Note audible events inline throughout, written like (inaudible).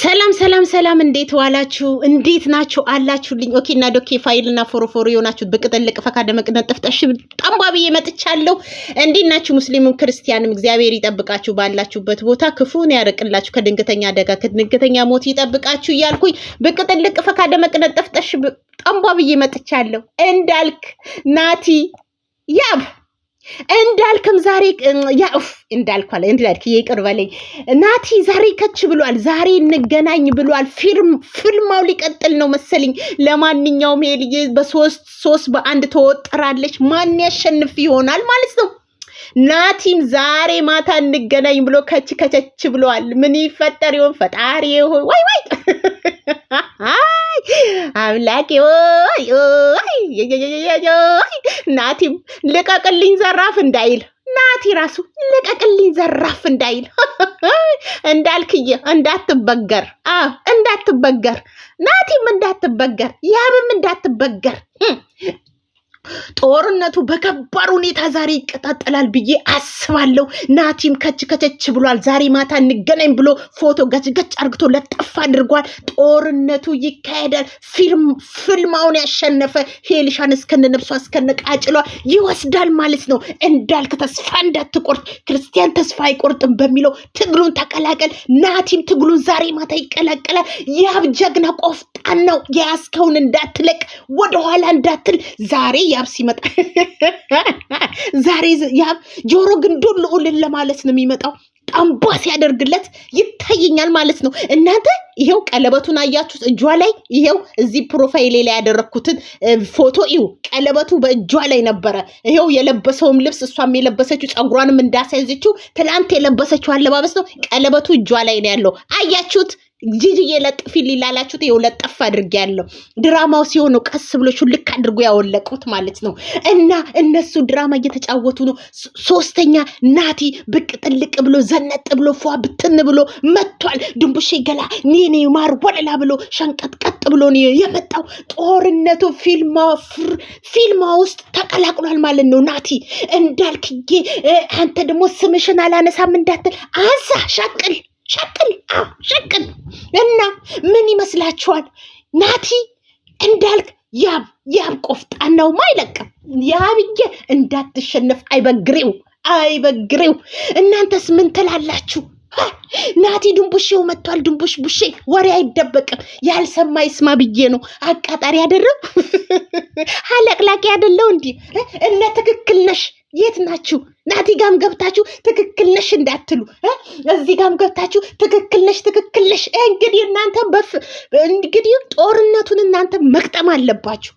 ሰላም ሰላም ሰላም፣ እንዴት ዋላችሁ? እንዴት ናችሁ? አላችሁልኝ? ኦኬ እና ዶኬ ፋይል እና ፎሮፎሮ የሆናችሁ ብቅ ጥልቅ ፈካ ደመቅ ነጥፍ ጠሽ ጠንቧ መጥቻለሁ። እንዴት ናችሁ? ሙስሊምም ክርስቲያንም እግዚአብሔር ይጠብቃችሁ፣ ባላችሁበት ቦታ ክፉን ያርቅላችሁ፣ ከድንገተኛ አደጋ ከድንገተኛ ሞት ይጠብቃችሁ እያልኩኝ ብቅ ጥልቅ ፈካ ደመቅ ነጥፍ ጠሽ ጠንቧ መጥቻለሁ። እንዳልክ ናቲ ያብ እንዳልክም ዛሬ ያፍ እንዳልኩ አለ እንዳልክ ይቅር በለኝ ናቲ ዛሬ ከች ብሏል። ዛሬ እንገናኝ ብሏል። ፊልም ፊልማው ሊቀጥል ነው መሰለኝ። ለማንኛውም ይሄ በሶስት ሶስት በአንድ ተወጠራለች። ማን ያሸንፍ ይሆናል ማለት ነው። ናቲም ዛሬ ማታ እንገናኝ ብሎ ከች ከቸች ብሏል። ምን ይፈጠር ይሆን? ፈጣሪ ይሆን? ወይ ወይ (laughs) አምላኬ ወይ ናቲም ልቀቅልኝ ዘራፍ እንዳይል ናቲ ራሱ ልቀቅልኝ ዘራፍ እንዳይል (laughs) እንዳልክዬ እንዳትበገር አ እንዳትበገር ናቲም እንዳትበገር ያብም እንዳትበገር ጦርነቱ በከባድ ሁኔታ ዛሬ ይቀጣጠላል ብዬ አስባለሁ። ናቲም ከች ከቸች ብሏል። ዛሬ ማታ እንገናኝ ብሎ ፎቶ ገጭ ገጭ አርግቶ ለጠፍ አድርጓል። ጦርነቱ ይካሄዳል። ፊልማውን ያሸነፈ ሄልሻን እስከነ ነብሷ እስከነ ቃጭሏ ይወስዳል ማለት ነው። እንዳልክ ተስፋ እንዳትቆርጥ፣ ክርስቲያን ተስፋ አይቆርጥም በሚለው ትግሉን ተቀላቀል። ናቲም ትግሉን ዛሬ ማታ ይቀላቀላል። ያብ ጀግና ቆፍጣን ነው። የያዝከውን እንዳትለቅ፣ ወደኋላ እንዳትል ዛሬ ያብ ሲመጣ (laughs) ዛሬ ያብ ጆሮ ግንዱን ልዑልን ለማለት ነው የሚመጣው። ጣምቧ ሲያደርግለት ይታየኛል ማለት ነው። እናንተ ይሄው ቀለበቱን አያችሁት እጇ ላይ ይሄው፣ እዚህ ፕሮፋይሌ ላይ ያደረግኩትን ፎቶ ይው፣ ቀለበቱ በእጇ ላይ ነበረ። ይሄው የለበሰውም ልብስ እሷም የለበሰችው ፀጉሯንም እንዳሳይዘችው ትላንት የለበሰችው አለባበስ ነው። ቀለበቱ እጇ ላይ ነው ያለው። አያችሁት? ጂጂዬ ለጥፊልኝ ላላችሁት ይኸው አድርግ ያለው ድራማው ሲሆን ነው ቀስ ብሎ ሹልክ አድርጎ ያወለቁት ማለት ነው። እና እነሱ ድራማ እየተጫወቱ ነው። ሶስተኛ ናቲ ብቅ ጥልቅ ብሎ ዘነጥ ብሎ ፏ ብትን ብሎ መጥቷል። ድንቡሼ ገላ ኔኔ ማር ወለላ ብሎ ሸንቀጥቀጥ ብሎ ነው የመጣው። ጦርነቱ ፊልማ ውስጥ ተቀላቅሏል ማለት ነው። ናቲ እንዳልክዬ አንተ ደግሞ ስምሽን አላነሳም እንዳትል አንሳ ሸቅል ሸቅን ሸቅን። እና ምን ይመስላችኋል ናቲ እንዳልክ ያብ ያብ ቆፍጣናውማ አይለቅም። ያብዬ እንዳትሸነፍ አይበግሬው አይበግሬው። እናንተስ ምን ትላላችሁ? ናቲ ድንቡሽው መጥቷል። ድንቡሽ ቡሼ ወሬ አይደበቅም። ያልሰማ ይስማ ብዬ ነው አቃጣሪ ያደረግ (laughs) አለቅላቂ ያደለው እንዲህ እነ ትክክል ነሽ የት ናችሁ? ናቲ ጋም ገብታችሁ ትክክል ነሽ እንዳትሉ፣ እዚህ ጋም ገብታችሁ ትክክል ነሽ ትክክል ነሽ። እንግዲህ እናንተ በፍ እንግዲህ ጦርነቱን እናንተ መቅጠም አለባችሁ።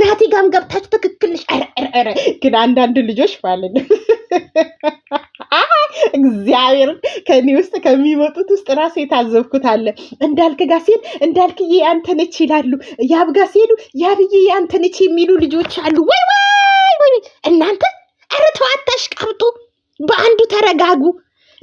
ናቲ ጋም ገብታችሁ ትክክል ነሽ። ኧረ ግን አንዳንድ ልጆች ማለት ነው (laughs) እግዚአብሔር ከኔ ውስጥ ውስጥ ከሚመጡት ውስጥ ራሱ የታዘብኩት አለ። እንዳልክ ጋ ሲሄድ እንዳልክዬ ያንተነች ይላሉ። ያብ ጋ ሲሄዱ ያብዬ ያንተነች የሚሉ ልጆች አሉ። ወይ ወይ ወይ! እናንተ ኧረ ተው አታሽቃብጡ፣ በአንዱ ተረጋጉ።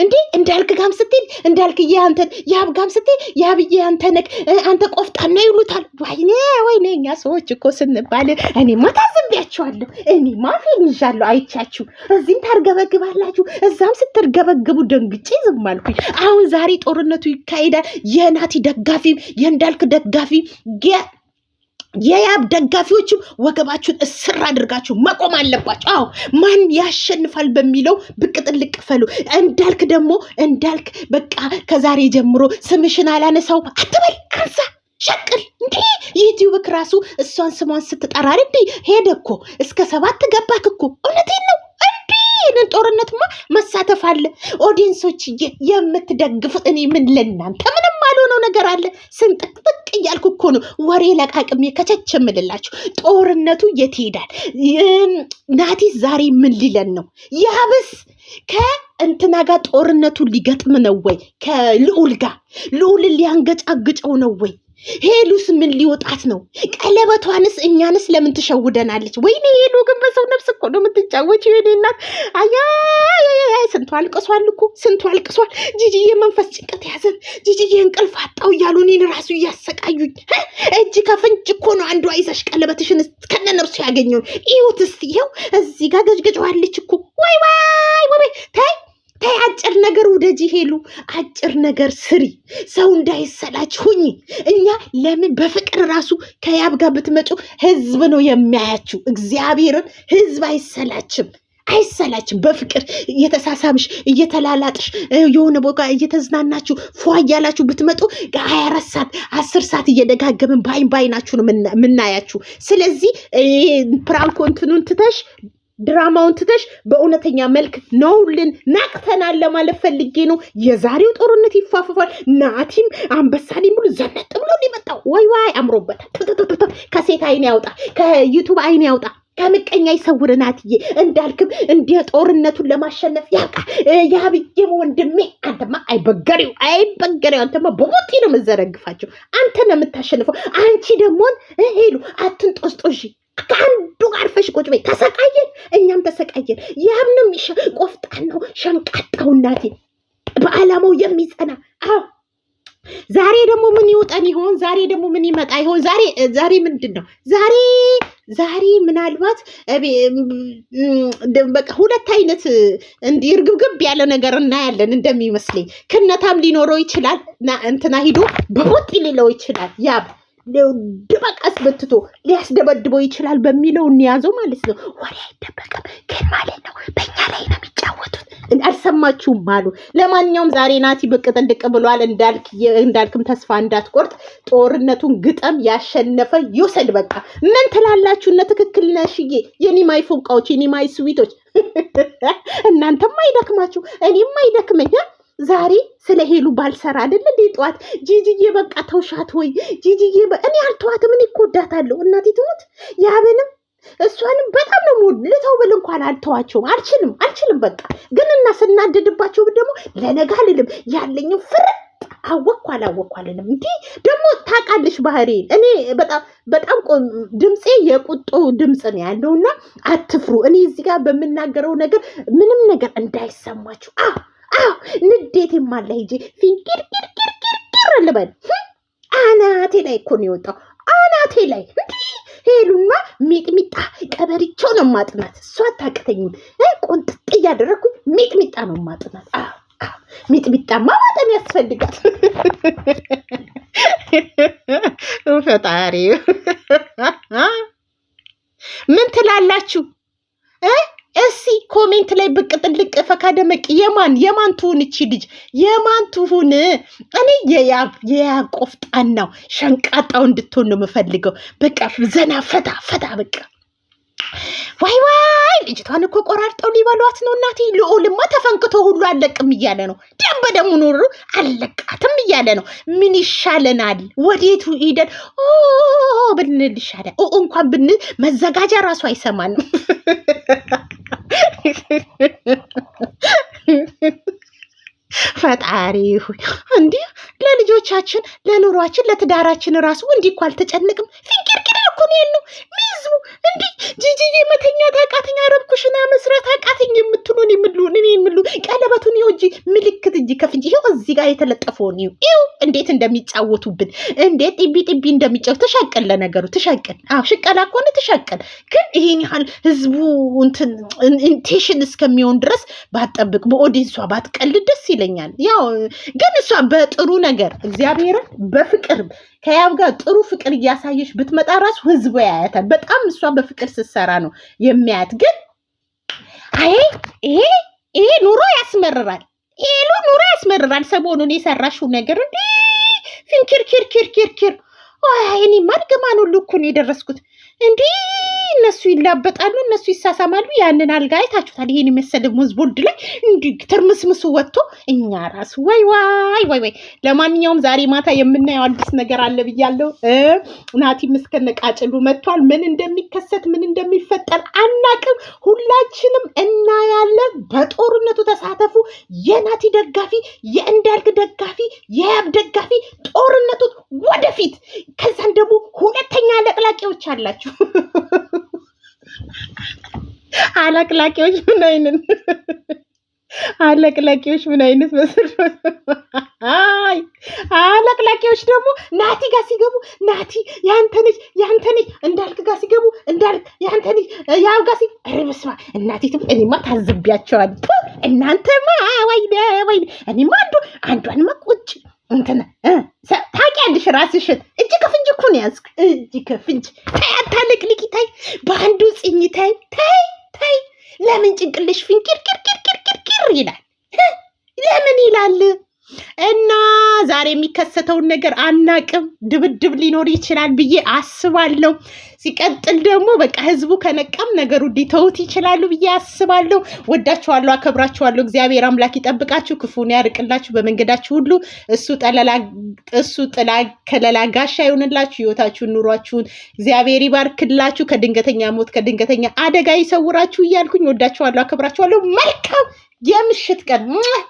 እንዴ እንዳልክ ጋም ስትሄድ እንዳልክዬ አንተን የሀብ ጋም ስትሄድ የሀብዬ አንተ ነህ አንተ ቆፍጣና ይሉታል። ወይኔ ወይኔ እኛ ሰዎች እኮ ስንባል እኔማ ታዝቤያችኋለሁ። እኔማ ፊልም ይዣለሁ አይቻችሁ። እዚህም ታርገበግባላችሁ፣ እዛም ስትርገበግቡ ደንግጬ ዝም አልኩኝ። አሁን ዛሬ ጦርነቱ ይካሄዳል። የናቲ ደጋፊም የእንዳልክ ደጋፊ የያብ ደጋፊዎችም ወገባችሁን እስር አድርጋችሁ መቆም አለባችሁ። አዎ ማን ያሸንፋል በሚለው ብቅ ጥልቅ ፈሉ። እንዳልክ ደግሞ እንዳልክ በቃ ከዛሬ ጀምሮ ስምሽን አላነሳው አትበል አንሳ ሸቅል እንዴ ዩቲዩብ ራሱ እሷን ስሟን ስትጠራ ልቤ ሄደ እኮ እስከ ሰባት ገባክ እኮ። እውነቴን ነው። እንዴ! ይህንን ጦርነትማ መሳተፍ አለ። ኦዲየንሶች የምትደግፉት እኔ ምን ለእናንተ ምንም አልሆነው ነገር አለ። ስንጥቅጥቅ እያልኩ እኮ ነው ወሬ ለቃቅሜ ከቸች የምልላችሁ። ጦርነቱ የት ይሄዳል? ናቲ ዛሬ ምን ሊለን ነው? ያብስ ከእንትና ጋር ጦርነቱ ሊገጥም ነው ወይ? ከልዑል ጋር ልዑልን ሊያንገጫግጨው ነው ወይ? ሄሉስ ምን ሊወጣት ነው? ቀለበቷንስ እኛንስ ለምን ትሸውደናለች? ወይኔ ሄሉ ግን በሰው ነፍስ እኮ ነው የምትጫወች። ወይኔ እናት አያ ስንቱ አልቅሷል እኮ ስንቱ አልቅሷል። ጂጂዬ መንፈስ ጭንቀት ያዘን፣ ጂጂዬ እንቅልፍ አጣው እያሉ እኔን ራሱ እያሰቃዩኝ። እጅ ከፍንጅ እኮ ነው አንዷ ይዘሽ ቀለበትሽን ከነ ነፍሱ ያገኘው። ይሁት እስቲ ይኸው እዚህ ጋር ገጭገጫዋለች እኮ ወይ ወይ ወይ ታይ ተይ፣ አጭር ነገር ውደጂ ሄሉ፣ አጭር ነገር ስሪ፣ ሰው እንዳይሰላች ሁኝ። እኛ ለምን በፍቅር ራሱ ከያብ ጋር ብትመጪው ህዝብ ነው የሚያያችው። እግዚአብሔርን ህዝብ አይሰላችም አይሰላችም በፍቅር እየተሳሳምሽ እየተላላጥሽ የሆነ ቦታ እየተዝናናችሁ ፏ እያላችሁ ብትመጡ ሀያ አራት ሰዓት አስር ሰዓት እየደጋገምን ባይን ባይናችሁ ነው የምናያችሁ። ስለዚህ ፕራንኮ ትተሽ ድራማውን ትተሽ በእውነተኛ መልክ ነውልን ናቅተናል ለማለት ፈልጌ ነው። የዛሬው ጦርነት ይፋፈፋል። ናቲም አንበሳ ሙሉ ዘነጥ ብሎ ሊመጣው ወይ ዋይ አምሮበታል። ከሴት አይን ያውጣ፣ ከዩቱብ አይን ያውጣ፣ ከምቀኛ ይሰውር። ናትዬ እንዳልክም እንደ ጦርነቱን ለማሸነፍ ያቃ የሀብዬ ወንድሜ አንተማ አይበገሪው አይበገሪው፣ አንተማ በሞቴ ነው መዘረግፋቸው አንተ ነው የምታሸንፈው። አንቺ ደግሞን ሄሉ አትን ጦስጦሽ ከአንዱ ጋር ፈሽ ቁጭ በይ። ተሰቃየን፣ እኛም ተሰቃየን። ያምንም ቆፍጣን ነው ሸንቃጣው፣ እናቴ በዓላማው የሚጸና አዎ። ዛሬ ደግሞ ምን ይውጠን ይሆን? ዛሬ ደግሞ ምን ይመጣ ይሆን? ዛሬ ዛሬ ምንድን ነው ዛሬ ዛሬ ምናልባት በቃ ሁለት አይነት እንዲህ እርግብግብ ያለ ነገር እናያለን እንደሚመስለኝ። ክነታም ሊኖረው ይችላል። እንትና ሂዶ በቦጥ ሊለው ይችላል ያብ ድበቅ አስበትቶ ሊያስደበድበው ይችላል በሚለው እንያዘው ማለት ነው። ወሬ አይደበቅም ግን ማለት ነው በእኛ ላይ ነው የሚጫወቱት። አልሰማችሁም አሉ። ለማንኛውም ዛሬ ናቲ ብቅ ጥልቅ ብሏል። እንዳልክም ተስፋ እንዳትቆርጥ ጦርነቱን ግጠም፣ ያሸነፈ ይውሰድ። በቃ ምን ትላላችሁ? እነ ትክክል ነሽዬ የኒማይ ፎቃዎች የኒማይ ስዊቶች (laughs) እናንተም አይደክማችሁ፣ እኔም አይደክመኝ ዛሬ ስለ ሄሉ ባልሰራ አይደል እንዴ? ጠዋት ጂጂዬ በቃ ተውሻት ወይ ጂጂዬ፣ እኔ አልተዋትም። እኔ እኮ እወዳታለሁ። እናቴ ትሙት ያብንም እሷንም በጣም ነው ሞድ ልተው ብል እንኳን አልተዋቸውም። አልችልም አልችልም። በቃ ግን እና ስናደድባቸው ደግሞ ለነጋ ልልም ያለኝው ፍር አወቅኩ አላወቅኩ አልልም። እንዲህ ደግሞ ታውቃለሽ ባህሪዬን እኔ በጣም በጣም ድምፄ የቁጡ ድምፅ ነው ያለውና አትፍሩ። እኔ እዚህ ጋር በምናገረው ነገር ምንም ነገር እንዳይሰማችሁ አዎ ንዴቴም አለ ሂጂ ፊንቅርቅርቅርቅር ልበል። አናቴ ላይ እኮ ነው የወጣው አናቴ ላይ ሄሉና ሚጥሚጣ ቀበሪቾ ነው ማጥናት። እሷ አታቅተኝም። ቆንጥጥ እያደረግኩ ሚጥሚጣ ነው ማጥናት። ሚጥሚጣ ማጠን ያስፈልጋል። (laughs) ፈጣሪ (laughs) ምን ትላላችሁ? እሲ ኮሜንት ላይ ብቅ ጥልቅ ፈካደመቅ የማን የማን ትሁን እቺ ልጅ የማን ትሁን? እኔ የያብ ጣናው ቆፍጣናው ሸንቃጣው እንድትሆን ነው የምፈልገው። በቃ ዘና ፈታ ፈታ በቃ ዋይ ዋይ ልጅቷን እኮ ቆራርጠው ሊበሏት ነው። እናቴ ልዑልማ ተፈንክቶ ሁሉ አለቅም እያለ ነው። ደም በደሙ ኖሩ አለቃትም እያለ ነው። ምን ይሻለናል? ወዴቱ ሂደን ብንል እንኳን ብንል መዘጋጃ ራሱ አይሰማንም። (laughs) ፈጣሪ ሆይ እንዲህ ለልጆቻችን ለኑሯችን ለትዳራችን ራሱ እንዲህ እኮ አልተጨነቅም። ፊንኪርኪራ እኮ ነው ያለው ሚዝሙ እንዲህ ጂጂ መተኛት አቃተኝ፣ አረብ ኩሽና መስራት አቃተኝ የምትሉን የምሉ እኔ የምሉ ቀለበቱን ይኸው ምልክ ተመልከት እንጂ ከፍንጭ። ይኸው እዚህ ጋር የተለጠፈውን ይው እንዴት እንደሚጫወቱብን እንዴት ጢቢ ጢቢ እንደሚጫወቱ ተሻቀል። ለነገሩ ተሻቀል። አዎ ሽቀላ ከሆነ ተሻቀል። ግን ይሄን ያህል ህዝቡ ኢንቴሽን እስከሚሆን ድረስ ባትጠብቅ፣ በኦዲንሷ ባትቀልድ ደስ ይለኛል። ያው ግን እሷ በጥሩ ነገር እግዚአብሔርን በፍቅር ከያብ ጋር ጥሩ ፍቅር እያሳየች ብትመጣ ራሱ ህዝቡ ያያታል። በጣም እሷ በፍቅር ስትሰራ ነው የሚያያት። ግን አይ ይሄ ይሄ ኑሮ ያስመርራል። ይሉ ኑሮ ያስመርራል። ሰሞኑን የሰራሽው ነገር እንዲ ፊንኪርኪርኪርኪርኪር እኔ ማርገማን ሁሉ እኮ ነው የደረስኩት። እንዲ እነሱ ይላበጣሉ፣ እነሱ ይሳሳማሉ። ያንን አልጋ አይታችሁታል። ይሄን የመሰለ ሙዝቦልድ ላይ እንዲ ትርምስምሱ ወጥቶ እኛ ራሱ ወይ ዋይ ወይ ወይ። ለማንኛውም ዛሬ ማታ የምናየው አዲስ ነገር አለ ብያለሁ። ናቲም እስከነቃጭሉ መጥቷል። ምን እንደሚከሰት ምን እንደሚፈጠር አናቅም። ሁላችንም ያለ በጦርነቱ ተሳተፉ። የናቲ ደጋፊ፣ የእንዳልክ ደጋፊ፣ የያብ ደጋፊ ጦርነቱ ወደፊት። ከዛን ደግሞ ሁለተኛ አለቅላቂዎች አላችሁ። (laughs) አለቅላቂዎች ምን አይነት አለቅላቂዎች ምን አይነት መስል ጥያቄዎች ደግሞ ናቲ ጋር ሲገቡ ናቲ ያንተነች ያንተነች እንዳልክ ጋር ሲገቡ እንዳልክ ያንተነች ያው ጋር ሲ ርብስማ እናቴ እኔማ ታዝቢያቸዋል። እናንተማ ወይ ወይ እኔማ አንዱ አንዷንማ ቁጭ እንትና ታውቂያለሽ ራስሽን እጅ ከፍንጅ እኮ ነው ያዝኩ እጅ ከፍንጅ ታይ አታለቅልቂ ታይ በአንዱ ጽኝ ታይ ታይ ታይ ለምን ጭንቅልሽ ፍንኪር ኪር ኪር ኪር ኪር ይላል ለምን ይላል? እና ዛሬ የሚከሰተውን ነገር አናቅም። ድብድብ ሊኖር ይችላል ብዬ አስባለሁ። ሲቀጥል ደግሞ በቃ ህዝቡ ከነቀም ነገሩ ሊተውት ይችላሉ ብዬ አስባለሁ። ወዳችኋለሁ፣ አከብራችኋለሁ። እግዚአብሔር አምላክ ይጠብቃችሁ፣ ክፉን ያርቅላችሁ በመንገዳችሁ ሁሉ። እሱ ጠለላ እሱ ጥላ ከለላ ጋሻ ይሆንላችሁ። ህይወታችሁን፣ ኑሯችሁን እግዚአብሔር ይባርክላችሁ። ከድንገተኛ ሞት ከድንገተኛ አደጋ ይሰውራችሁ እያልኩኝ ወዳችኋለሁ፣ አከብራችኋለሁ። መልካም የምሽት ቀን